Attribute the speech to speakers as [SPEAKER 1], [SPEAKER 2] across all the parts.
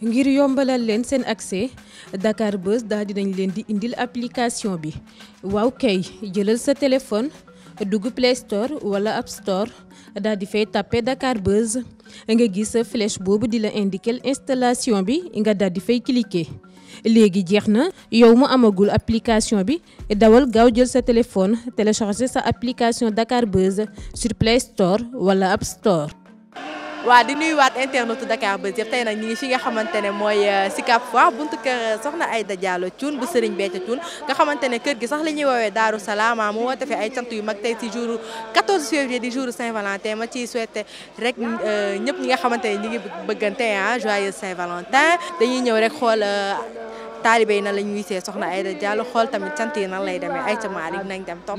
[SPEAKER 1] ngir yombalal leen seen accès Dakar Buzz daal dinañ leen di indil application bi waaw kay jëlal sa téléphone dugg Play Store wala App Store daal di fay tàppe Dakar Buzz nga gis sa flèche boobu di la indiquer installation bi nga daal di fay cliquer léegi jeex na yow mu amagul application bi dawal gaaw jël sa téléphone télécharger sa application Dakar Buzz sur Play Store wala App Store. waaw di nuyuwaat internetu Dakar Buzz yëpp tey nag ñi ngi fi nga xamante ne mooy euh, Sicap Foire buntu kër euh, soxna Aïda Diallo Thioune bu Serigne Béthio Thioune nga xamante ne kër gi sax la ñuy woowee Daaru Salaama ah, mu woote fi ay cant yu mag tey ci jour 14 février di jour Saint-Valentin ma ciy souhaité rek euh, ñëpp ñi nga xamante ne ñi ngi bëggante ah joyeux Saint-Valentin dañuy ñëw rek xool taalibe yi nan la ñuy see soxna Aïda Diallo xool tamit cant yi nan lay demee ay ca Maalik dem topp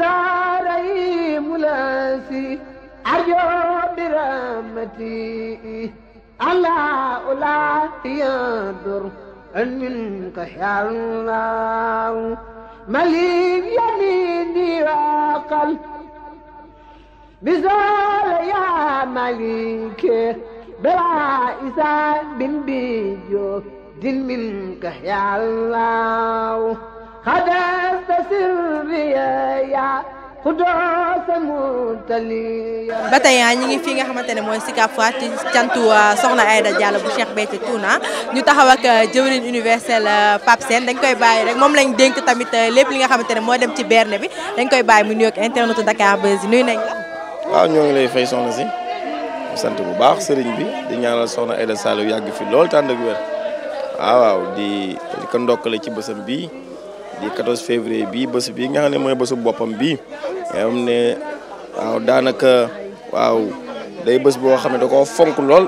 [SPEAKER 2] زاري ملاسي أرجو برحمتي ألا ألا يضر أن منك يا الله مليك يميني وقل بزار يا مليك بلا إسان بن بيجو دين منك يا الله ba tey ah, ñi ngi
[SPEAKER 1] fii nga xamante ne mooy Sicap Foire ci cantu ah, soxna Aïda Diallo bu Cheikh Béthio Thiouna ah. ñu taxaw ak jëwriñ universel Pape Sène dañ koy bàyyi rek moom lañ dénk tamit lépp li nga xamante ne moo dem ci berne bi dañ koy bàyyi mu nuyoog internetu Dakar Buzz nuyu nañ la.
[SPEAKER 3] waaw ñoo ngi lay fay soxna si sant bu baax sëriñ bi di ñaanal soxna Aïda Saliou yàgg fi lool tànd ak wér waaw waaw di ko ndokkale ci bësam bii. di 14 février bii bés bii nga ne mooy bésu boppam bi nga xam ne waaw daanaka waaw day bës boo xam ne da fonk lool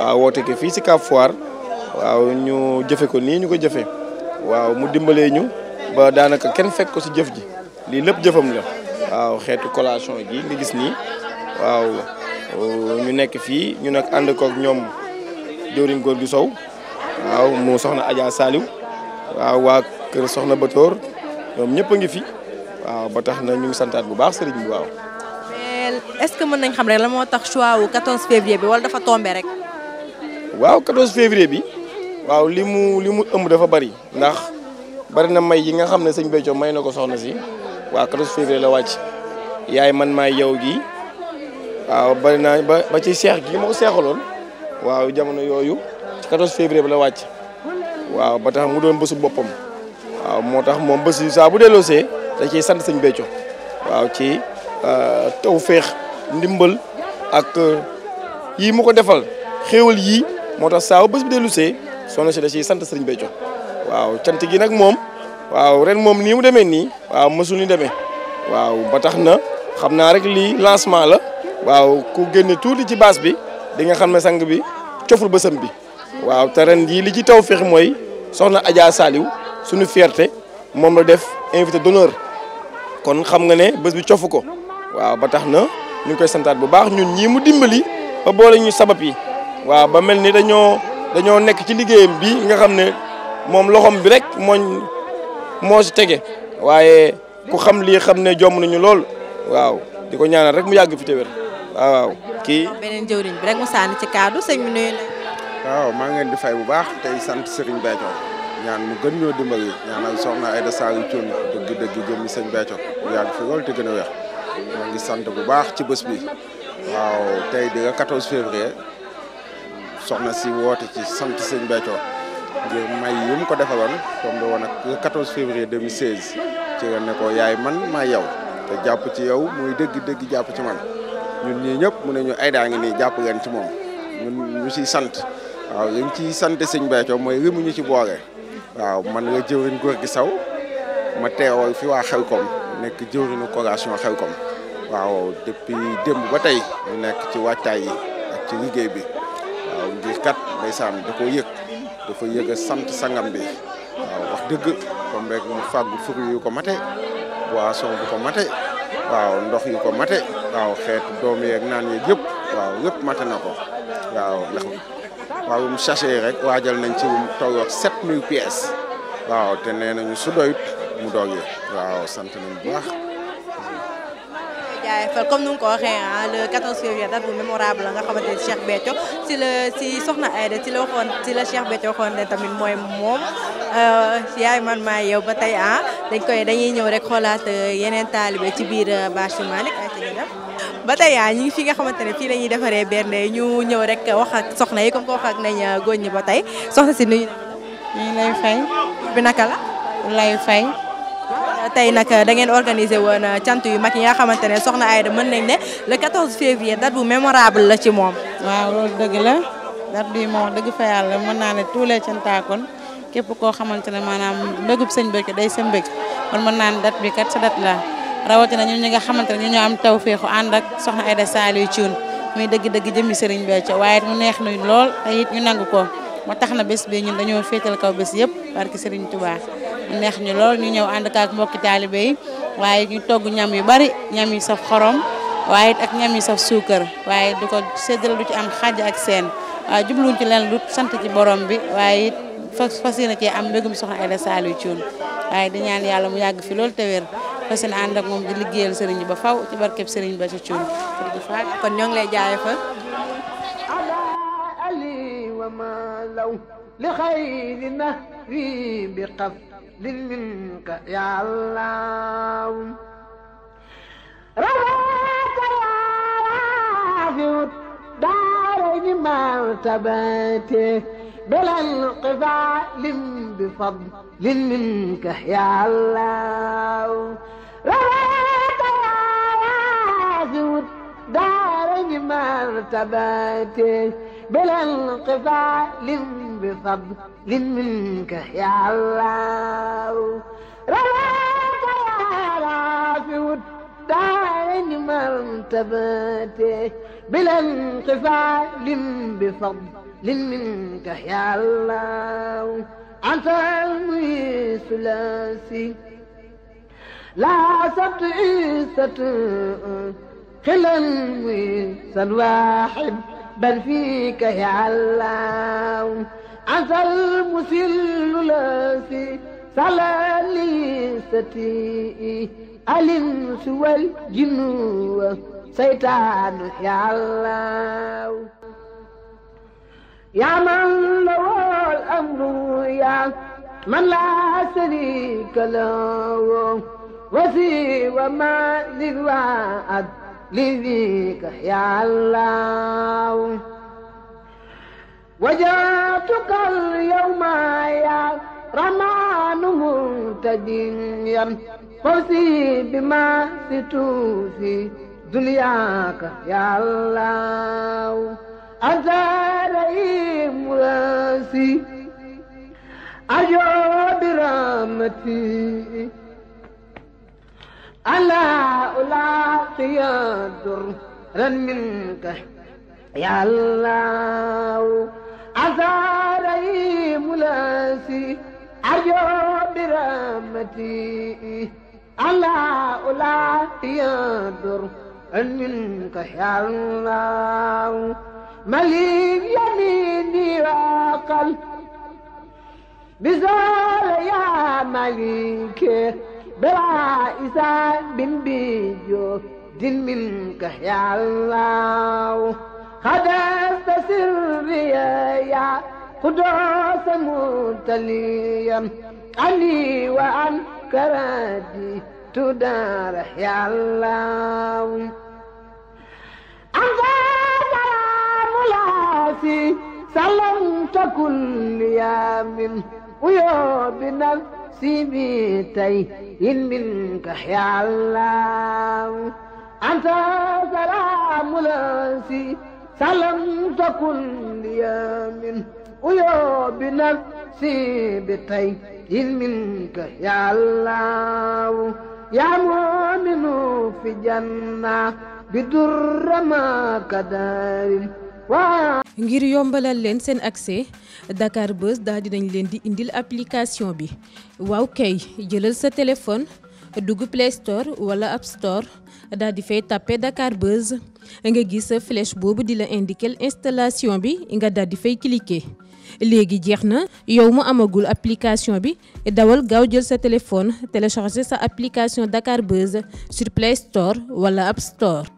[SPEAKER 3] waaw woote fii si Cap Foire waaw ñu jëfe ko nii ñu ko jëfe waaw mu dimbalee ñu ba daanaka kenn fekk ko si jëf ji lii lépp jëfam la waaw xeetu collation ji nga gis nii waaw ñu nekk fii ñu nekk ànd kook ñoom jëwriñ góor gi Sow waaw mu soxna Adja Saliou waaw kër Soxna Batoor ñoom ñëpp a ngi fi waaw ba tax na ñu ngi santaat bu baax sëriñ bi waaw.
[SPEAKER 1] est-ce que mën nañ xam rek la moo tax choix wu 14 février bi wala dafa tombé rek.
[SPEAKER 3] waaw 14 février bi waaw li mu li mu ëmb dafa bari ndax bari na may yi nga xam ne sëñ Béthio may na ko soxna si waaw 14 février la wàcc yaay man maay yow gi waaw bari naa ba ba ci seex gi moo seexaloon waaw jamono yooyu ci 14 février bi la wàcc waaw ba tax mu doon bésu boppam. waaw moo tax moom bés yi saa bu delloosee da ciy sant sëñ Béthio waaw ci euh, tawféex ndimbal ak euh, yii mu ko defal xéewal yii moo tax saa bu bés bi si da ciy sant sëñ Béthio waaw cant gi nag moom waaw ren moom nii mu demee nii waaw mësul ni demee waaw ba tax na xam naa rek lii lancement la waaw ku génne tuuti ci baas bi di nga xam ne sang bi coful bësam bi waaw te ren yii li ci tawféex mooy soxna Adja Saliou suñu fierté moom la def invité d'honneur kon xam nga ne bés bi cofu ko waaw ba tax na ñu ngi koy santaat bu baax ñun ñii mu dimbali ba boole ñu sabab yi waaw ba mel ni dañoo dañoo nekk ci liggéeyam bi nga xam ne moom loxoom bi rek mooñ moo si tege waaye ku xam li xam ne jomm nañu lool waaw di ko ñaanal rek mu yàgg fi te wér waaw kii.
[SPEAKER 1] beneen di bi rek mu sànni ci kaddu sëñ bi nuyu la.
[SPEAKER 3] waaw maa ngi leen di fay bu
[SPEAKER 4] baax tey sant Serigne Béthio ñaan mu gën ñoo dimbali ñaanal soxna Aida Saliou Thioune dëgg dëgg jëmmi sëñ Béthio mu yàgg fi lool te gën a weex maa sant bu baax ci bés bi waaw tey di la 14 février soxna si woote ci sant sëñ Béthio may yi mu ko defaloon comme da woon ak le 14 février ci ko yaay man maay yow jàpp ci yow muy dëgg dëgg jàpp ci man ñun ñii ñëpp mu ne ñu Aida ngi nii jàpp leen ci moom ñun sant waaw li ñu ciy sant sëñ mooy li ñu ci boole. waaw man nga jëwriñ góor gi saw ma teewal fi waa xelkom nekk jëwriñu coalition xelkom waaw depuis démb ba tey ñu nekk ci waajtaay yi ak ci liggéey bi waaw ngir kat ndeysaan da koo yëg dafa yëg sant sangam bi waaw wax dëgg comme rek mu fàggu fruit yu ko mate boisson bu ko mate waaw ndox yu ko mate waaw xeetu doom yeeg naan yeeg yëpp waaw yëpp mate na ko waaw ndax waaw bu um rek waajal nañ ci toog wax 7000 pièces waaw te nee nañu su doyut mu waaw sant nañ bu baax.
[SPEAKER 1] jaajëfal comme ni ko waxee ah le 14 février date bu mémorable la nga xamante ni Cheikh Béthio si la si soxna Aïda ci la waxoon ci la Cheikh Béthio waxoon ne tamit mooy moom euh, yaay man maa yow ba tey ah dañ koy dañuy ñëw rek xoolaat euh, yeneen taalibe ci biir euh, ba Malick ba tey ah, ñu ngi fi nga xamante ne fii la ñuy defaree bernde ñu ñëw rek wax ak soxna yi comme ko wax ak nañ ah, góor ñi ba tey soxna si nuyu ñu ngi lay fay. bi naka la. lay fay. tey nag ah, da ngeen organisé woon cant yu mag yi nga xamante ne soxna Aida mën nañ ne le 14 février bu mémorable la ci moom. waaw loolu dëgg la date bi moom dëgg fa yàlla mën naa ne tous les cantaakon képp koo xamante ne maanaam mbégub sëñ bëgg day sa mbëgg kon mën naa ne bi kat sa date la rawatina ñun ñi nga xamante ne ñu ñoo am tawféexu ànd ak soxna Aida Saliou Thioune muy dëgg-dëgg jëmmi sëriñ Béthio waaye mu neex nuy lool te it ñu nangu ko moo tax na bés bi ñu dañoo féetal kaw bés yëpp barki sëriñ Touba mu neex ñu lool ñu ñëw ànd ak mbokki taalibe waaye ñu togg ñam yu bari ñam yi saf xorom waaye ak ñam yi saf suukar waaye du ko séddale du ci am xàjj ak seen waaw jubluñ ci leen lu sant ci borom bi waaye it fas fas yéene cee am mbégum soxna Aida Saliou Thioune waaye di ñaan yàlla mu yàgg fi loolu te wér fas yéene ànd ak moom di liggéeyal sëriñ bi ba faw ci barkeb sëriñ ba ci Thioune kon ñoo ngi lay jaayee fa.
[SPEAKER 2] لخير نهري بقبل منك يا الله رواك يا رافع دارين مرتباتي بلا انقفال بفضل منك يا الله rawaaka yaa fi wut daara ñi martabaate bilal qifaalin bi fadlin minka yaa Allah rawaaka yaa fi wut daara ñi martabaate bilal qifaalin bi fadlin minka yaa Allah anta al-mu'izzu laa sant sant xilal muy san waaxid bal fii ka yàllaaw ansal musillu la si salali sati alin suwal jinnuwa saytaanu yàllaaw yaa man la wool amru man laa sariika la وفي وما للوعد لذيك يا الله وجاتك اليوم يا رمان منتديا فوزي بما ستوفي دنياك يا الله أنت رئيم راسي أجو برحمتي ألا ألاقي درا منك يا الله أزاري ملاسي أرجو برحمتي ألا ألاقي درا منك يا الله مليك يميني وقل بزال يا مليكي بوائس بنبيجو دين منك يا الله خدست سري يا قدوس متليا علي وعن كرادي تدار يا الله أنت سلام لاسي سلمت كل يوم ويوم بنفسي نفسي بتيئ منك يا الله أنت سلام لاسي سلام تكن لي من ويا بنفسي بتيئ منك يا الله يا مؤمن في جنة بدر ما
[SPEAKER 1] كدار ngir yombalal leen seen accès Dakar Buzz daal dinañ leen di indil application bi waaw kay jëlal sa téléphone dugg Play Store wala App Store daal di fay tàppe Dakar Buzz nga gis sa flèche boobu di la indiquer installation bi nga daal di fay cliquer léegi jeex na yow mu amagul application bi dawal gaaw jël sa téléphone télécharger sa application Dakar Buzz sur Play Store wala App Store.